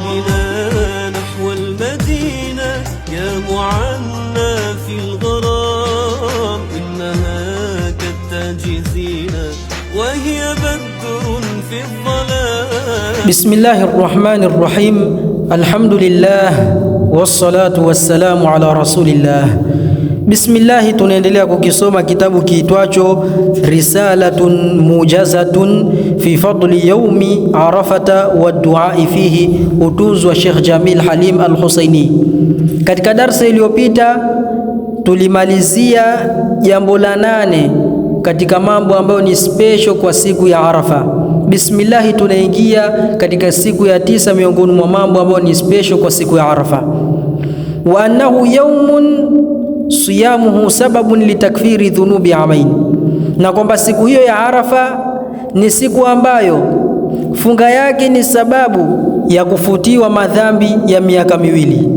بنا نحو المدينة يا معنى في الغرام إنها زينة وهي بدر في الظلام بسم الله الرحمن الرحيم الحمد لله والصلاة والسلام على رسول الله Bismillahi, tunaendelea kukisoma kitabu kiitwacho Risalatun Mujazatun fi fadli yaumi Arafata wa duai fihi, utunzwa wa Sheikh Jamil Halim Al-Husaini. Katika darsa iliyopita tulimalizia jambo la nane katika mambo ambayo ni special kwa siku ya Arafa. Bismillahi, tunaingia katika siku ya tisa miongoni mwa mambo ambayo ni special kwa siku ya Arafa, wa annahu yaumun siyamuhu sababun litakfiri dhunubi amain, na kwamba siku hiyo ya Arafa ni siku ambayo funga yake ni sababu ya kufutiwa madhambi ya miaka miwili,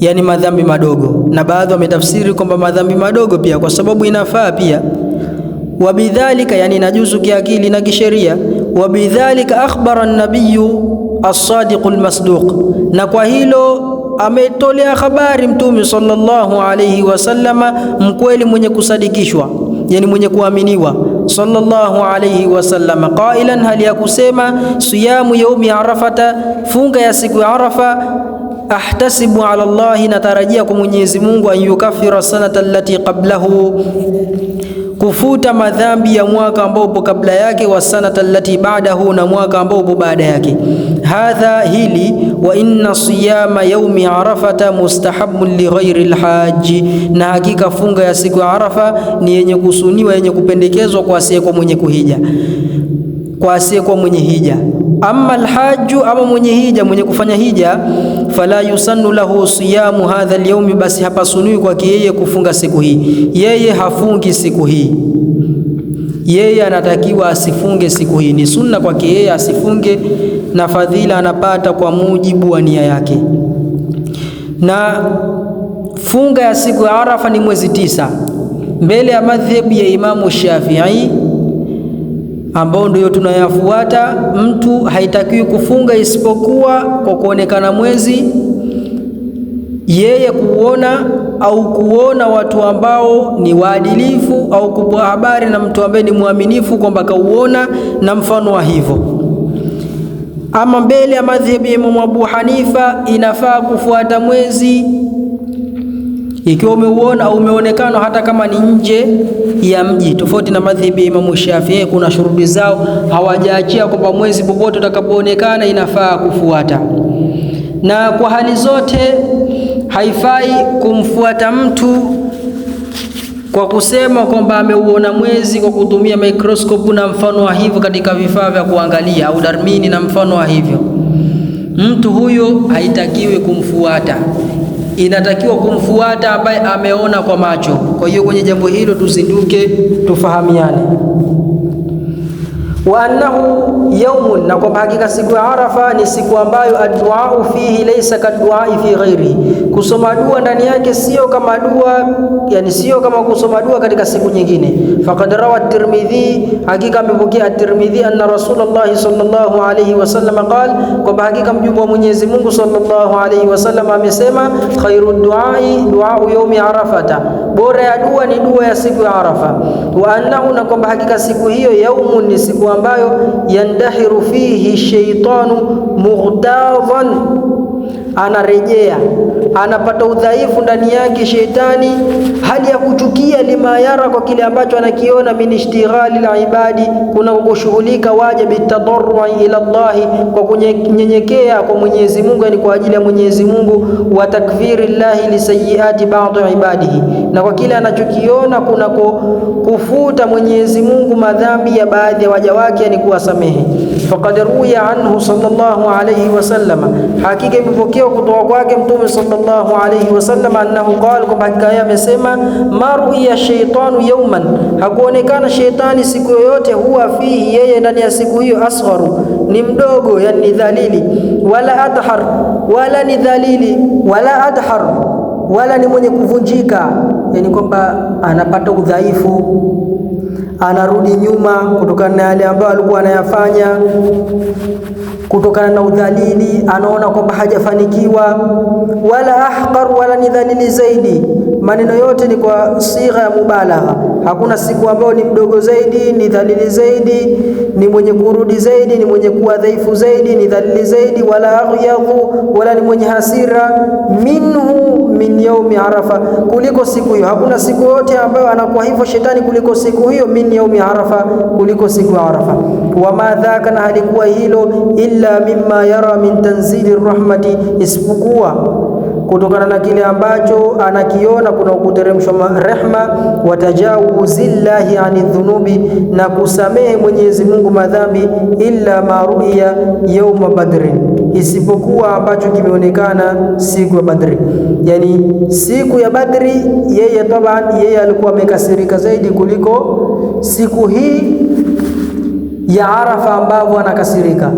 yani madhambi madogo. Na baadhi wametafsiri kwamba madhambi madogo pia, kwa sababu inafaa pia wabidhalika, yani najuzu kiakili na kisheria. Wabidhalika akhbara an-nabiyyu as sadiqul masduq na kwa hilo ametolea habari Mtume sallallahu alayhi wasallama, mkweli mwenye kusadikishwa, yani mwenye kuaminiwa sallallahu alayhi wasallam, qailan, hali ya kusema siyamu yaumi arafata, funga ya siku ya Arafa ahtasibu ala Allahi, natarajia kwa Mwenyezi Mungu an yukafira sanata allati qablahu kufuta madhambi ya mwaka ambao upo kabla yake, wa sanata allati ba'dahu, na mwaka ambao upo baada yake. Hadha hili wa inna siyama yaumi arafata mustahabun lighairi lhaji, na hakika funga ya siku ya Arafa ni yenye kusuniwa yenye kupendekezwa kwa asiyekuwa mwenye kuhija, kwa asiyekuwa mwenye hija Amma alhaju, ama mwenye hija, mwenye kufanya hija, fala yusannu lahu siyamu hadha alyaumi, basi hapasunui kwake yeye kufunga siku hii. Yeye hafungi siku hii, yeye anatakiwa asifunge siku hii, ni sunna kwake yeye asifunge, na fadhila anapata kwa mujibu wa nia yake. Na funga ya siku ya Arafa ni mwezi tisa mbele ya madhhabu ya Imamu Shafi'i ambao ndiyo tunayafuata. Mtu haitakiwi kufunga isipokuwa kwa kuonekana mwezi, yeye kuona au kuona watu ambao ni waadilifu, au kupwa habari na mtu ambaye ni mwaminifu kwamba kauona na mfano wa hivyo. Ama mbele ya madhhabi ya Imamu Abu Hanifa, inafaa kufuata mwezi ikiwa umeuona au umeonekana hata kama ni nje ya mji, tofauti na madhhabi ya Imamu Shafii. Eh, kuna shuruti zao hawajaachia kwamba mwezi popote utakapoonekana inafaa kufuata, na kwa hali zote haifai kumfuata mtu kwa kusema kwamba ameuona mwezi kwa kutumia microscope na mfano wa hivyo katika vifaa vya kuangalia au darmini na mfano wa hivyo. Mtu huyo haitakiwi kumfuata inatakiwa kumfuata ambaye ameona kwa macho. Kwa hiyo kwenye jambo hilo tuzinduke, tufahamiane wa annahu yaumun, na kwamba hakika siku ya Arafa ni siku ambayo adduau fihi laysa kaduai fi ghairi, kusoma dua ndani yake sio kama dua, yani sio kama kusoma dua katika siku nyingine. Faqad rawa Tirmidhi, hakika amepokea At-Tirmidhi anna Rasulullah sallallahu alayhi wasallam qala, kwamba hakika mjumbe wa Mwenyezi Mungu sallallahu alayhi wasallam amesema, khairu duai duau yaumi arafata, bora ya dua ni dua ya siku ya Arafa. Wa annahu, na kwamba hakika siku hiyo yaumun ni siku ambayo yandahiru fihi shaitanu mughdadhan anarejea, anapata udhaifu ndani yake shetani, hali ya kuchukia limayara kwa kile ambacho anakiona, min ishtighali la ibadi, kuna kushughulika waja, bitadarrui ila llahi, kwa kunyenyekea kwa Mwenyezi Mungu, yani kwa ajili ya Mwenyezi Mungu, wa takfiri llahi lisayiati badi ibadihi, na kwa kile anachokiona kuna kufuta Mwenyezi Mungu madhambi ya baadhi ya waja wake, yani kuwasamehe. Faqad ruya anhu sallallahu alayhi wasallam, hakika imepokea kutoa kutoka kwake Mtume sallallahu alayhi wasallam annahu qala, kwamba hakika yeye amesema ya shaytanu yauman, hakuonekana sheitani siku yoyote, huwa fihi, yeye ndani ya siku hiyo, asgharu, ni mdogo, yani ni dhalili, wala adhar, wala ni dhalili, wala adhar, wala ni mwenye kuvunjika, yani kwamba anapata udhaifu anarudi nyuma kutokana na yale ambayo alikuwa anayafanya kutokana na udhalili, anaona kwamba hajafanikiwa, wala ahqar, wala ni dhalili zaidi. Maneno yote ni kwa sigha ya mubalagha. Hakuna siku ambayo ni mdogo zaidi, ni dhalili zaidi, ni mwenye kurudi zaidi, ni mwenye kuwa dhaifu zaidi, ni dhalili zaidi, wala aghyadhu, wala ni mwenye hasira minhu min yaumi arafa, kuliko siku hiyo. Hakuna siku yote ambayo anakuwa hivyo shetani kuliko siku hiyo, min yaumi arafa, kuliko siku ya Arafa. Wama dhaka, na halikuwa hilo, illa mimma yara min tanzili rahmati, isipokuwa kutokana na kile ambacho anakiona kuna kuteremshwa rehma, llahi ani dhunubi, na kusamehe Mwenyezi Mungu madhambi, illa maruiya yauma badrin, isipokuwa ambacho kimeonekana siku ya Badri. Yani siku ya Badri yeye taban, yeye alikuwa amekasirika zaidi kuliko siku hii ya Arafa ambavyo anakasirika,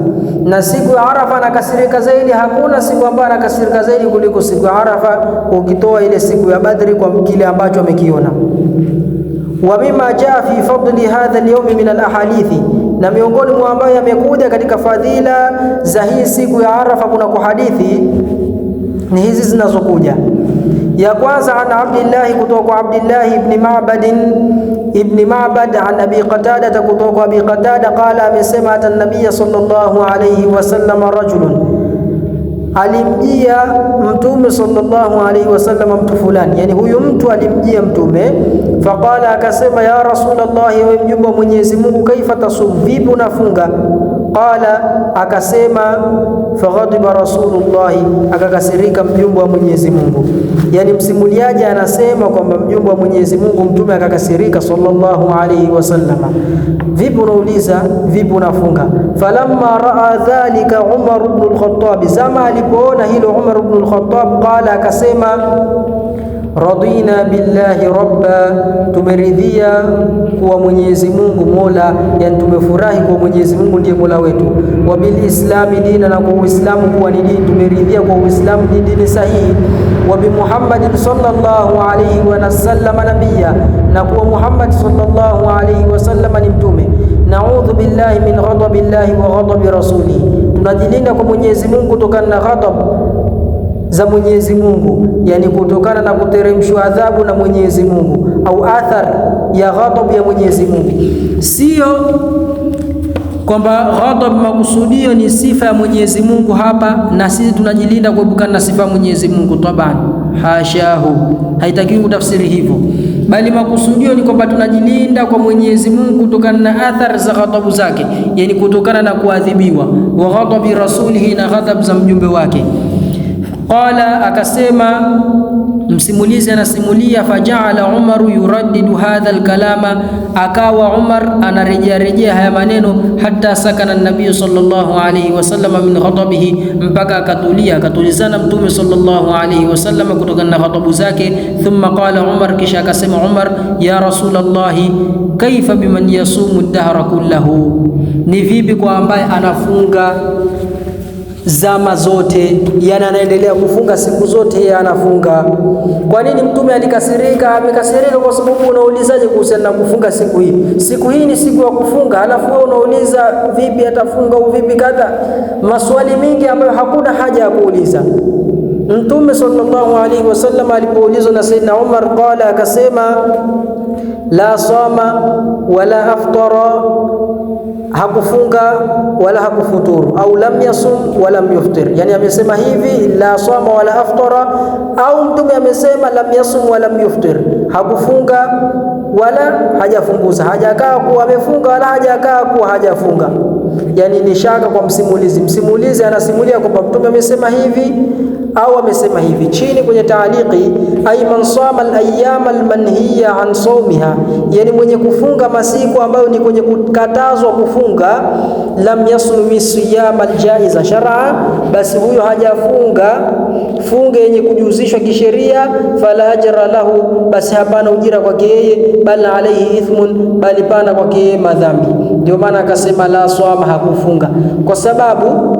na siku ya Arafa anakasirika zaidi. Hakuna siku ambayo anakasirika zaidi kuliko siku ya Arafa, ukitoa ile siku ya Badri kwa kile ambacho amekiona. Wa mima jaa fi fadli hadha al-yawm min al-ahadithi, na miongoni mwa ambayo yamekuja katika fadhila za hii siku ya Arafa kuna kuhadithi ni hizi zinazokuja ya kwanza an Abdillahi kutoka kwa Abdillahi ibni Ma'bad ibni Ma'bad an Abi Qatada kutoka kwa Abi Qatada qala, amesema ata nabiya sallallahu alayhi wasallam rajulun, alimjia mtume sallallahu alayhi wasallam mtu fulani, yani huyu mtu alimjia mtume faqala, akasema ya Rasulullah, we mjumbe wa Mwenyezi Mungu, kaifa tasum, vipi unafunga qala akasema faghadiba rasulullah akakasirika mjumbe wa Mwenyezi Mungu yani msimuliaji anasema kwamba mjumbe wa Mwenyezi Mungu mtume akakasirika sallallahu alayhi wasallama vipi unauliza vipi unafunga falamma raa dhalika Umar ibn al-Khattab zama alipoona hilo Umar ibn al-Khattab qala akasema radina billahi rabba, tumeridhia kuwa Mwenyezi Mungu mola, yani tumefurahi kuwa Mwenyezi Mungu ndiye mola wetu. Wa bilislami dina, na kwa Uislamu kuwa ni dini, tumeridhia kwa Uislamu ni dini sahihi. Wa bimuhammadin sallallahu alayhi wa sallam nabiyya, na kuwa Muhammad sallallahu alayhi wa sallam ni mtume. Naudhu billahi min llahi wa ghadabi rasulihi, tunajilinda kwa Mwenyezi Mungu kutokana na ghadab za Mwenyezi Mungu, yani kutokana na kuteremshwa adhabu na Mwenyezi Mungu au athar ya ghadhabu ya Mwenyezi Mungu. Sio kwamba ghadhabu makusudio ni sifa ya Mwenyezi Mungu hapa, na sisi tunajilinda kuepukana na sifa ya Mwenyezi Mungu taban, hashahu, haitakiwi kutafsiri hivyo, bali makusudio ni kwamba tunajilinda kwa Mwenyezi Mungu kutokana na athari za ghadhabu zake, yani kutokana na kuadhibiwa wa ghadhabi rasulihi, na ghadhabu za mjumbe wake Qala, akasema msimulizi anasimulia, fajaala Umaru yuraddidu hadha alkalama, akawa Umar anarejearejea haya maneno, hatta sakana nabiyu sallallahu alayhi wasallam min ghadabihi, mpaka akatulia, akatulizana Mtume sallallahu alayhi wasallam kutokana na ghadabu zake. Thumma qala Umar, kisha akasema Umar, ya Rasulallahi, kaifa biman yasumu dahra kullahu, ni vipi kwa ambaye anafunga zama zote, yana anaendelea kufunga siku zote, yeye anafunga. Kwa nini mtume alikasirika? Amekasirika kwa sababu unaulizaje kuhusiana na kufunga siku hii? Siku hii ni siku ya kufunga, alafu wewe unauliza vipi atafunga au vipi kadha, maswali mengi ambayo hakuna haja ya kuuliza. Mtume sallallahu alaihi wasallam alipoulizwa na Saidina Umar, qala, akasema la sama wala aftara hakufunga wala hakufuturu, au lam yasum wala yuftir. Yani amesema hivi la sama wala aftara, au mtume amesema lam yasum wala yuftir, hakufunga wala hajafunguza, hajakaa kuwa amefunga wala hajakaa kuwa hajafunga. Yani ni shaka kwa msimulizi. Msimulizi anasimulia kwamba mtume amesema hivi au amesema hivi chini kwenye taaliki, ay man sama al-manhiya an sawmiha, yani mwenye kufunga masiku ambayo ni kwenye kukatazwa kufunga, lam yasumi siyama jaiza shar'a, basi huyo hajafunga funga yenye kujuzishwa kisheria, fala ajra lahu, basi hapana ujira kwake yeye, bal alayhi ithmun, bali pana kwake madhambi. Ndio maana akasema la swama, hakufunga kwa sababu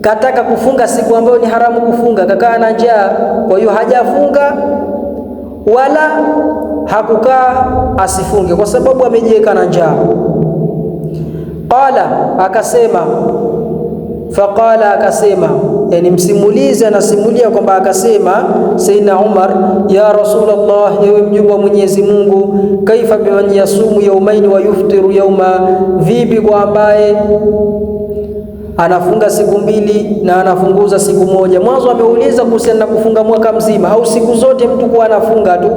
kataka kufunga siku ambayo ni haramu kufunga, kakaa na njaa, kwa hiyo hajafunga wala hakukaa asifunge, kwa sababu amejiweka na njaa. Qala, akasema faqala, akasema yani msimulizi anasimulia kwamba akasema Saidna Umar, ya Rasulullah, ewe mjumbe wa Mwenyezi Mungu, kaifa biman yasumu yaumaini wa yuftiru yauma, vipi kwa ambaye anafunga siku mbili na anafunguza siku moja. Mwanzo ameuliza kuhusiana na kufunga mwaka mzima au siku zote mtu kuwa anafunga tu,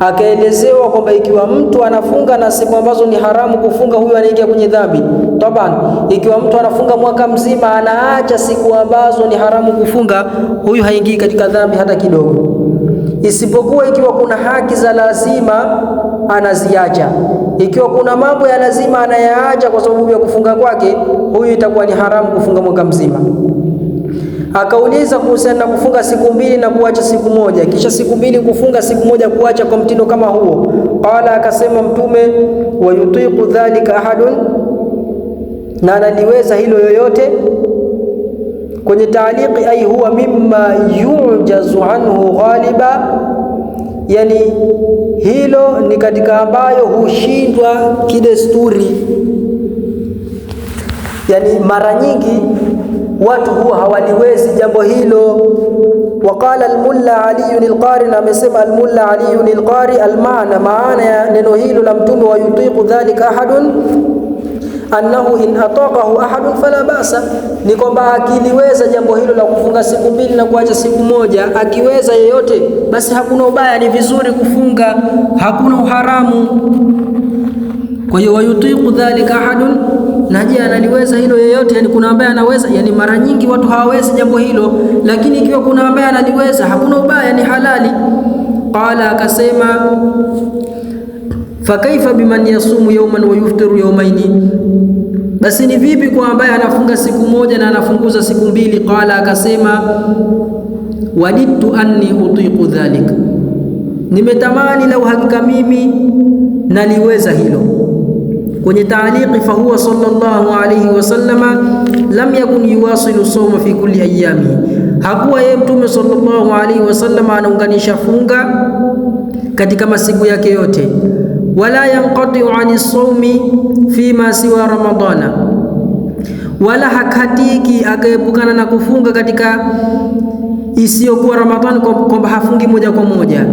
akaelezewa kwamba ikiwa mtu anafunga na siku ambazo ni haramu kufunga, huyo anaingia kwenye dhambi taban. Ikiwa mtu anafunga mwaka mzima, anaacha siku ambazo ni haramu kufunga, huyu haingii katika dhambi hata kidogo, isipokuwa ikiwa kuna haki za lazima anaziacha ikiwa kuna mambo ya lazima anayaacha kwa sababu ya kufunga kwake, huyu itakuwa ni haramu kufunga mwaka mzima. Akauliza kuhusiana na kufunga siku mbili na kuacha siku moja, kisha siku mbili kufunga, siku moja kuacha, kwa mtindo kama huo. Qala, akasema Mtume, wayutiqu dhalika ahadun, na analiweza hilo yoyote kwenye taaliki, ai huwa mimma yujazu anhu ghaliba yani hilo ni katika ambayo hushindwa kidesturi. Yani mara nyingi watu huwa hawaliwezi jambo hilo. Waqala almulla aliyun alqari, na amesema almulla aliyun alqari, almaana maana ya neno hilo la Mtume, wayutiqu dhalika ahadun annahu in ataqahu ahadun fala basa, ni kwamba akiliweza jambo hilo la kufunga siku mbili na kuacha siku moja, akiweza yeyote, basi hakuna ubaya, ni vizuri kufunga, hakuna uharamu. Kwa hiyo wayutiqu dhalika ahadun, na je analiweza hilo yeyote? Yani kuna ambaye anaweza, yani mara nyingi watu hawawezi jambo hilo, lakini ikiwa kuna ambaye analiweza, hakuna ubaya, ni halali. Qala akasema fakaifa biman yasumu yawman wa yuftiru yawmaini, basi ni vipi kwa ambaye anafunga siku moja na anafunguza siku mbili? Qala, akasema wadidtu anni utiqu dhalik nimetamani lau hakika mimi naliweza hilo. Kwenye taaliki fahuwa sallallahu alayhi wasallama lam yakun yuwasilu sawma fi kulli ayami, hakuwa yeye Mtume sallallahu alayhi wasallama anaunganisha funga katika masiku yake yote wala yanqatiu ani saumi ma siwa Ramadana, wala hakatiki akaepukana na kufunga katika isiyokuwa Ramadhani, kwamba hafungi moja kwa moja.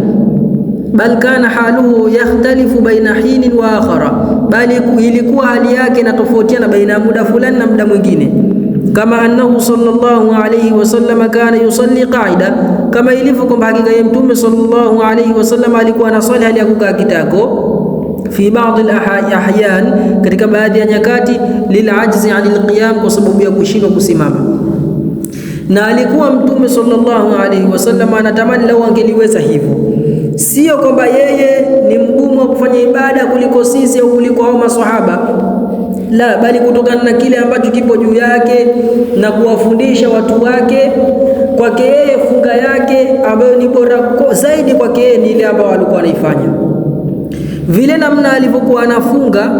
Bal kana haluhu yakhtalifu baina hinin wa akhara, bali ilikuwa hali yake inatofautiana baina ya muda fulani na muda mwingine kama annahu sallallahu alayhi wa sallam kana yusalli qaida, kama ilivyo kwamba hakika yeye Mtume sallallahu alayhi wa sallam alikuwa anasali hali ya kukaa kitako fi al-ahyan, katika baadhi ya nyakati, lilajzi anil qiyam, kwa sababu ya kushindwa kusimama. Na alikuwa Mtume sallallahu alayhi wasallam anatamani lau angeliweza hivyo. Sio kwamba yeye ni mgumu wa kufanya ibada kuliko sisi au kuliko hao maswahaba la, bali kutokana na kile ambacho kipo juu yake na kuwafundisha watu wake. Kwake yeye funga yake ambayo ni bora zaidi kwake yeye ni ile ambayo alikuwa anaifanya. Vile namna alivyokuwa anafunga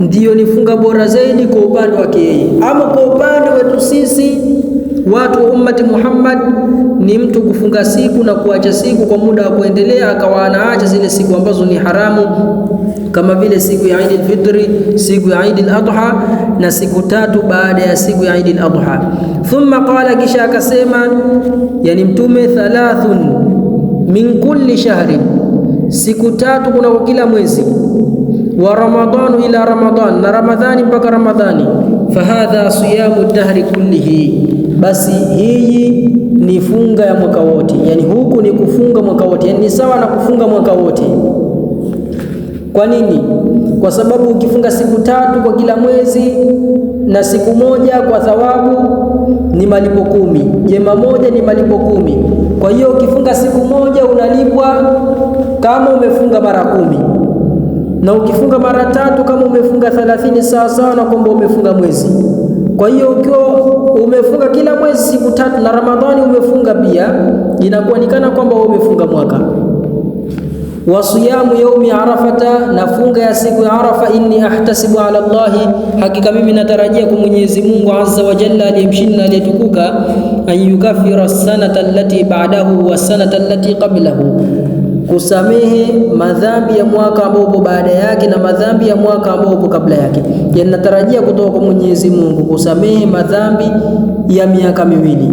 ndiyo ni funga bora zaidi kwa upande wake yeye. Ama kwa upande wetu sisi watu wa ummati Muhammad ni mtu kufunga siku na kuacha siku kwa muda wa kuendelea, akawa anaacha zile siku ambazo ni haramu kama vile siku ya Eid al-Fitri, siku ya Eid al-Adha na siku tatu baada ya siku ya Eid al-Adha. Thumma qala, kisha akasema, yani Mtume thalathun min kulli shahrin siku tatu kwa kila mwezi wa Ramadhanu ila Ramadhan, na Ramadhani mpaka Ramadhani. Fahadha siyamu dahri kullihi, basi hii ni funga ya mwaka wote. Yani huku ni kufunga mwaka wote, yani ni sawa na kufunga mwaka wote. Kwa nini? Kwa sababu ukifunga siku tatu kwa kila mwezi na siku moja kwa thawabu ni malipo kumi, jema moja ni malipo kumi. Kwa hiyo ukifunga siku moja unalipwa kama umefunga mara kumi na ukifunga mara tatu kama umefunga thalathini sawa sawa na kwamba umefunga mwezi. Kwa hiyo ukiwa umefunga kila mwezi siku tatu na Ramadhani umefunga pia, inakuonekana kwamba umefunga mwaka. wa siyamu yaumi arafata, na funga ya siku ya Arafa. inni ahtasibu ala Allah, hakika mimi natarajia kwa Mwenyezi Mungu azza wa jalla aliyemshinda na aliyetukuka, an yukafira sanata allati ba'dahu wa sanata allati qablahu kusamehe madhambi ya mwaka ambao upo baada yake na madhambi ya mwaka ambao upo kabla yake. Je, yaani natarajia kutoka kwa Mwenyezi Mungu kusamehe madhambi ya miaka miwili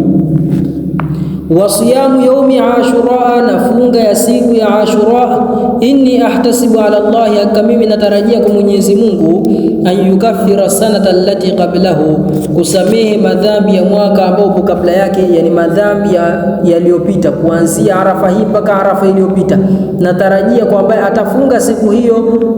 wa siyamu yaumi ashura, na funga ya siku ya Ashura. Inni ahtasibu ala Allahi, hakika mimi natarajia kwa Mwenyezi Mungu, an yukaffira sanata allati qablahu, kusamehe madhambi ya mwaka ambao kabla yake, yani madhambi yaliyopita ya kuanzia Arafa hii mpaka Arafa iliyopita. Natarajia kwamba atafunga siku hiyo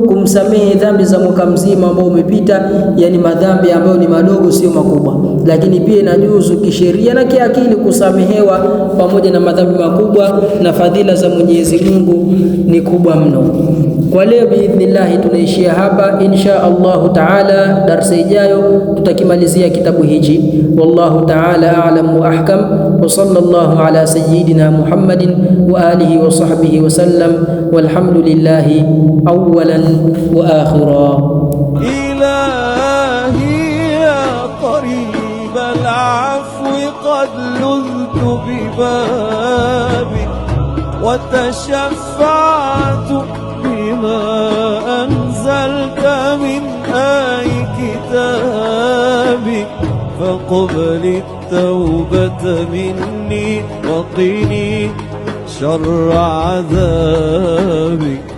kumsamehe dhambi za mwaka mzima ambao umepita, yani madhambi ambayo ni madogo, sio makubwa, lakini pia inajuzu kisheria na kiakili kusamehewa pamoja na madhambi makubwa na fadhila za Mwenyezi Mungu ni kubwa mno. Kwa leo biidhnillahi tunaishia hapa, insha Allahu taala. Darsa ijayo tutakimalizia kitabu hichi. Wallahu taala alam wa ahkam wa sallallahu ala sayyidina Muhammadin wa alihi wa sahbihi wa sallam walhamdulillahi awwalan wa akhira. ببابك وتشفعت بما أنزلت من آي كتابك فقبل التوبة مني وقني شر عذابك